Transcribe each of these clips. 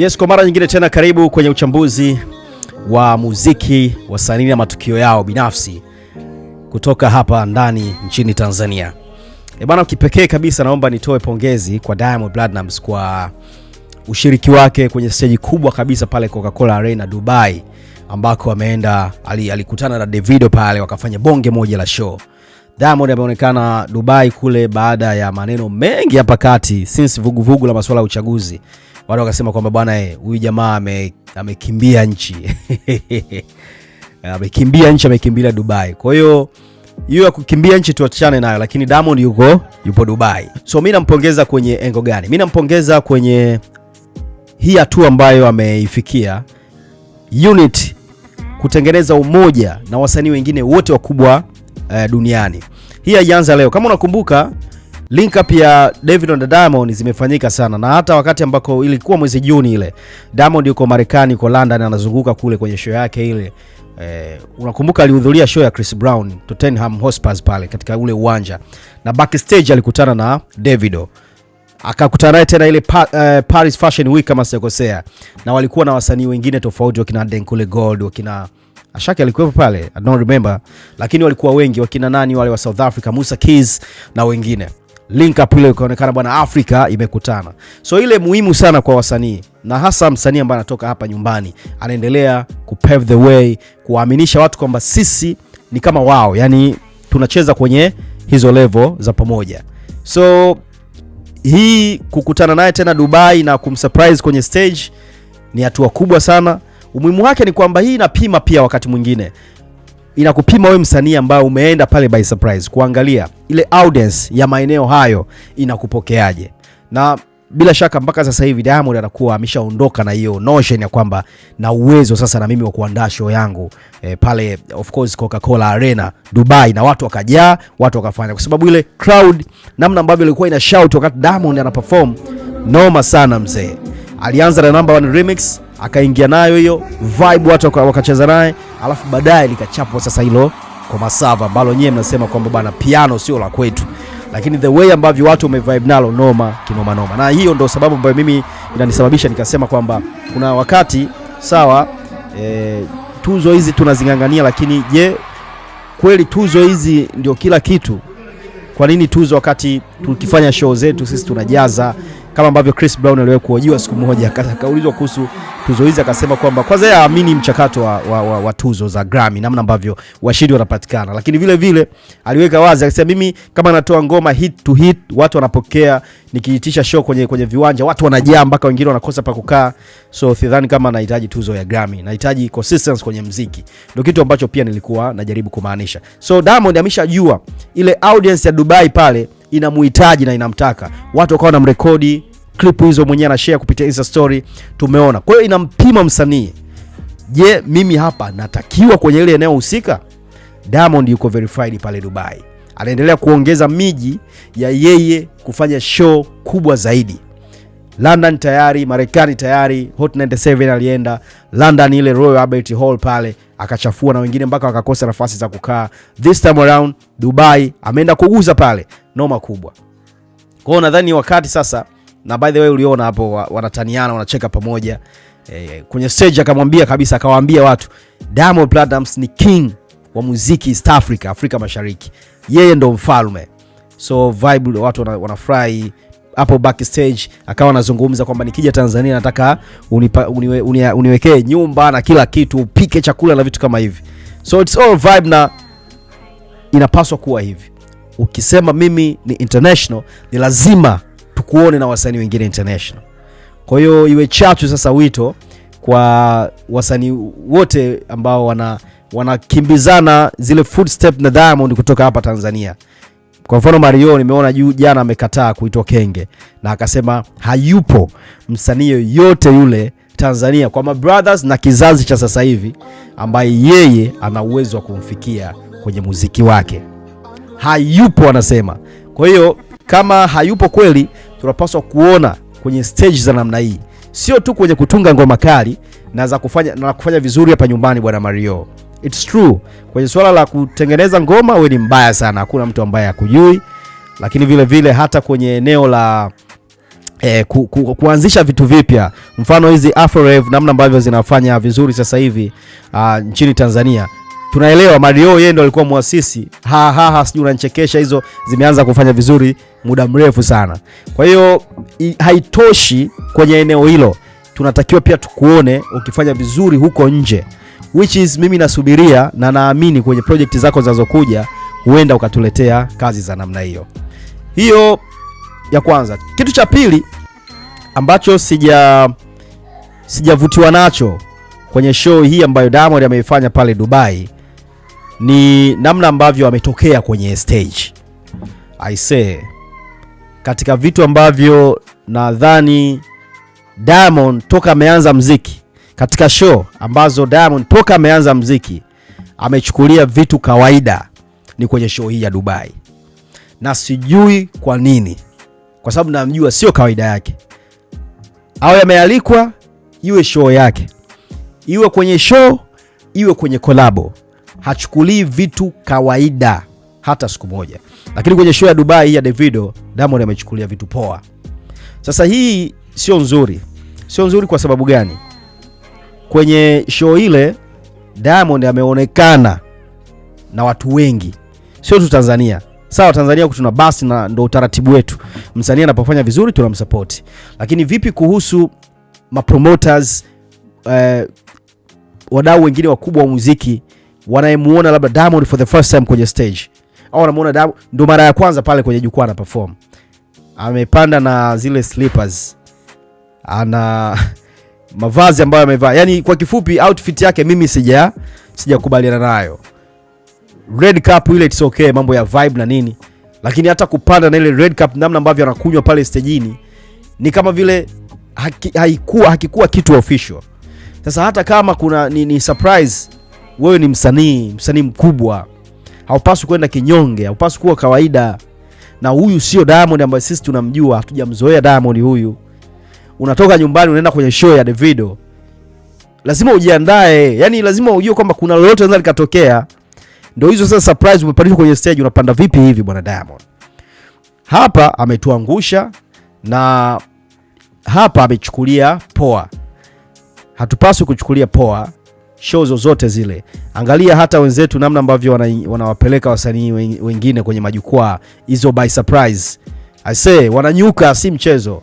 Yes, kwa mara nyingine tena karibu kwenye uchambuzi wa muziki, wasanii na matukio yao binafsi kutoka hapa ndani nchini Tanzania. E bana, kipekee kabisa naomba nitoe pongezi kwa Diamond Platnumz kwa ushiriki wake kwenye stage kubwa kabisa pale Coca-Cola Arena Dubai ambako ameenda, alikutana na Davido pale wakafanya bonge moja la show. Diamond ameonekana Dubai kule baada ya maneno mengi hapa kati since vuguvugu la masuala ya uchaguzi, watu wakasema kwamba bwana eh, huyu jamaa amekimbia nchi amekimbia nchi, amekimbia Dubai. Kwa hiyo hiyo ya kukimbia nchi tuachane nayo, lakini Diamond yuko yupo Dubai. So mimi nampongeza kwenye engo gani? Mimi nampongeza kwenye hii hatua ambayo ameifikia unit kutengeneza umoja na wasanii wengine wote wakubwa eh, duniani hii haijaanza leo. Kama unakumbuka link up ya Davido na Diamond zimefanyika sana, na hata wakati ambako ilikuwa mwezi Juni ile, Diamond yuko Marekani, yuko London, anazunguka kule kwenye show yake ile Eh, unakumbuka alihudhuria show ya Chris Brown Tottenham Hotspur pale katika ule uwanja, na backstage alikutana na Davido, akakutana naye tena ile pa, eh, Paris Fashion Week kama sijakosea, na walikuwa na wasanii wengine tofauti, wakina Denkule Gold, wakina Ashake alikuwepo pale, I don't remember, lakini walikuwa wengi wakina nani wale wa South Africa, Musa Keys na wengine. Link up ile ikaonekana bwana, Afrika imekutana. So ile muhimu sana kwa wasanii na hasa msanii ambaye anatoka hapa nyumbani, anaendelea kupave the way, kuwaaminisha watu kwamba sisi ni kama wao, yani tunacheza kwenye hizo level za pamoja. So hii kukutana naye tena Dubai na kumsurprise kwenye stage ni hatua kubwa sana Umuhimu wake ni kwamba hii inapima pia, wakati mwingine inakupima wewe msanii ambaye umeenda pale by surprise, kuangalia ile audience ya maeneo hayo inakupokeaje. Na bila shaka mpaka sasa hivi Diamond anakuwa ameshaondoka na hiyo notion ya kwamba na uwezo sasa na mimi wa kuandaa show yangu e, pale of course Coca-Cola Arena Dubai, na watu wakajaa, watu wakafanya, kwa sababu ile crowd namna ambavyo ilikuwa ina shout wakati Diamond anaperform noma sana mzee. Alianza na number one remix akaingia nayo hiyo vibe, watu wakacheza naye, alafu baadaye likachapwa sasa hilo kwa Masava, ambalo nyie mnasema kwamba bana piano sio la kwetu, lakini the way ambavyo watu wamevibe nalo noma kinoma noma, na hiyo ndo sababu ambayo mimi inanisababisha nikasema kwamba kuna wakati sawa, e, tuzo hizi tunazingangania, lakini je, kweli tuzo hizi ndio kila kitu? Kwa nini tuzo wakati tukifanya show zetu sisi tunajaza kama ambavyo Chris Brown aliwahi kuhojiwa siku moja, akaulizwa kuhusu tuzo hizi, akasema kwamba kwanza yeye aamini mchakato wa, wa, wa, wa tuzo za Grammy, namna ambavyo washindi wanapatikana, lakini vile vile aliweka wazi akasema, mimi kama natoa ngoma hit to hit, watu wanapokea, nikiitisha show kwenye, kwenye viwanja watu wanajaa mpaka wengine wanakosa pa kukaa, so sidhani kama nahitaji tuzo ya Grammy, nahitaji consistency kwenye mziki, ndio kitu ambacho pia nilikuwa najaribu kumaanisha. So Diamond ameshajua ile audience ya Dubai pale inamuhitaji na inamtaka, watu wakawa wanamrekodi klipu hizo mwenyewe anashare kupitia Insta story, tumeona. Kwa hiyo inampima msanii, je, mimi hapa natakiwa kwenye ile eneo husika? Diamond yuko verified pale Dubai, anaendelea kuongeza miji ya yeye kufanya show kubwa zaidi. London tayari, Marekani tayari, Hot 97 alienda London, ile Royal Albert Hall pale akachafua na wengine mpaka wakakosa nafasi za kukaa. This time around Dubai ameenda kuguza pale, noma kubwa hiyo Nadhani wakati sasa na by the way uliona hapo wanataniana wanacheka pamoja e, kwenye stage akamwambia kabisa, akawaambia watu Diamond Platnumz ni king wa muziki East Africa, Afrika Mashariki, yeye ndo mfalme. So vibe watu wanafurahi hapo backstage, akawa anazungumza kwamba nikija Tanzania nataka unipa, uniwe, uniwe, uniwekee nyumba na kila kitu, upike chakula na vitu kama hivi. So it's all vibe na inapaswa kuwa hivi. Ukisema mimi ni international, ni lazima kuone na wasanii wengine international. Kwa hiyo iwe chachu sasa, wito kwa wasanii wote ambao wana wanakimbizana zile footstep na Diamond kutoka hapa Tanzania. Kwa mfano Mario, nimeona juu jana amekataa kuitwa kenge na akasema hayupo msanii yoyote yule Tanzania kwa mabrothers na kizazi cha sasa hivi ambaye yeye ana uwezo wa kumfikia kwenye muziki wake, hayupo anasema. Kwa hiyo kama hayupo kweli, tunapaswa kuona kwenye stage za namna hii, sio tu kwenye kutunga ngoma kali na za kufanya, na kufanya vizuri hapa nyumbani. Bwana Mario, it's true, kwenye swala la kutengeneza ngoma wewe ni mbaya sana, hakuna mtu ambaye akujui lakini vile vile hata kwenye eneo la Eh, ku, ku, kuanzisha vitu vipya mfano hizi Afro namna ambavyo zinafanya vizuri sasa hivi uh, nchini Tanzania tunaelewa Mario yeye ndo alikuwa muasisi. Ha ha ha, sijui unanichekesha. Hizo zimeanza kufanya vizuri muda mrefu sana, kwa hiyo haitoshi kwenye eneo hilo, tunatakiwa pia tukuone ukifanya vizuri huko nje, which is mimi nasubiria na naamini kwenye project zako zinazokuja huenda ukatuletea kazi za namna hiyo. Hiyo ya kwanza. Kitu cha pili ambacho sija sijavutiwa nacho kwenye show hii ambayo Diamond ameifanya pale Dubai ni namna ambavyo ametokea kwenye stage. I say katika vitu ambavyo nadhani Diamond toka ameanza mziki, katika show ambazo Diamond toka ameanza mziki amechukulia vitu kawaida, ni kwenye show hii ya Dubai, na sijui kwa nini, kwa sababu namjua sio kawaida yake, awe amealikwa, iwe show yake, iwe kwenye show, iwe kwenye kolabo hachukulii vitu kawaida hata siku moja. Lakini kwenye show ya Dubai hii ya Davido, Diamond amechukulia vitu poa. Sasa hii sio nzuri, sio nzuri. Kwa sababu gani? Kwenye show ile Diamond ameonekana na watu wengi, sio tu Tanzania. Sawa, Tanzania tuna basi na ndo utaratibu wetu, msanii anapofanya vizuri tunamsupport. Lakini vipi kuhusu mapromoters eh, wadau wengine wakubwa wa muziki wanayemuona labda Diamond for the first time kwenye stage au wanamuona Diamond ndo mara ya kwanza pale kwenye jukwaa na perform, amepanda na zile slippers, ana mavazi ambayo amevaa, yani kwa kifupi outfit yake mimi sija sijakubaliana nayo. Red cup ile it's okay, mambo ya vibe na nini, lakini hata kupanda na ile red cup, namna ambavyo anakunywa pale stejini ni kama vile haki, haikuwa hakikuwa kitu official. Sasa hata kama kuna ni, ni surprise wewe ni msanii, msanii mkubwa, haupaswi kwenda kinyonge, haupaswi kuwa kawaida. Na huyu sio Diamond ambaye sisi tunamjua, hatujamzoea Diamond huyu. Unatoka nyumbani unaenda kwenye show ya Davido, lazima ujiandae, yani lazima ujue kwamba kuna lolote linaweza likatokea. Ndio hizo sasa surprise, umepandishwa kwenye stage, unapanda vipi hivi bwana Diamond? Hapa ametuangusha na hapa amechukulia poa. Hatupaswi kuchukulia poa show zozote zile. Angalia hata wenzetu namna ambavyo wanawapeleka wana wasanii wengine kwenye majukwaa hizo by surprise. I say wananyuka, si mchezo.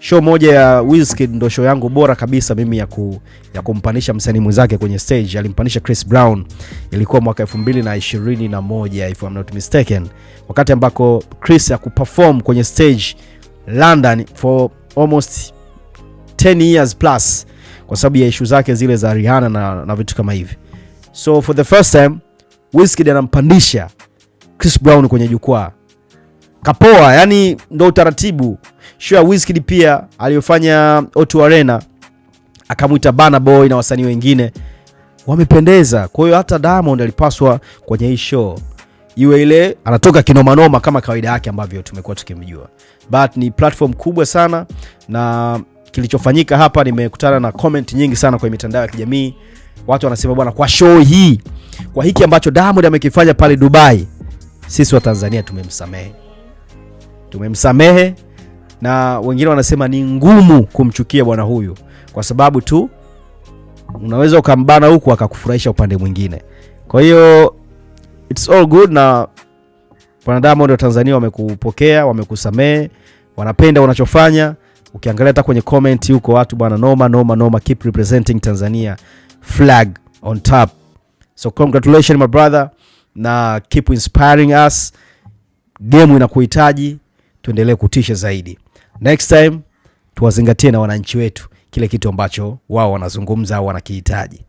Show moja ya Wizkid ndo show yangu bora kabisa mimi ya, ku, ya kumpanisha msanii mwenzake kwenye stage. Alimpanisha Chris Brown, ilikuwa mwaka 2021 if I'm not mistaken, wakati ambako Chris kuperform kwenye stage London for almost 10 years plus kwa sababu ya ishu zake zile za Rihanna na, na vitu kama hivi. So for the first time Wizkid anampandisha Chris Brown kwenye jukwaa. Kapoa, yani ndo utaratibu. Show ya Wizkid pia aliyofanya O2 Arena akamwita Bana Boy na wasanii wengine wamependeza. Kwa hiyo hata Diamond alipaswa kwenye hii show iwe ile anatoka kinomanoma kama kawaida yake ambavyo tumekuwa tukimjua, but ni platform kubwa sana na kilichofanyika hapa, nimekutana na comment nyingi sana kwenye mitandao ya kijamii. Watu wanasema bwana, kwa show hii, kwa hiki ambacho Diamond amekifanya pale Dubai, sisi wa Tanzania tumemsamehe, tumemsamehe. Na wengine wanasema ni ngumu kumchukia bwana huyu kwa sababu tu unaweza ukambana huku akakufurahisha upande mwingine. Kwa hiyo it's all good, na bwana Diamond wa Tanzania wamekupokea, wamekusamehe, wanapenda unachofanya Ukiangalia hata kwenye comment huko watu bwana, noma noma noma, keep representing Tanzania, flag on top. So congratulations my brother, na keep inspiring us. Game inakuhitaji, tuendelee kutisha zaidi. Next time tuwazingatie na wananchi wetu kile kitu ambacho wao wanazungumza au wanakihitaji.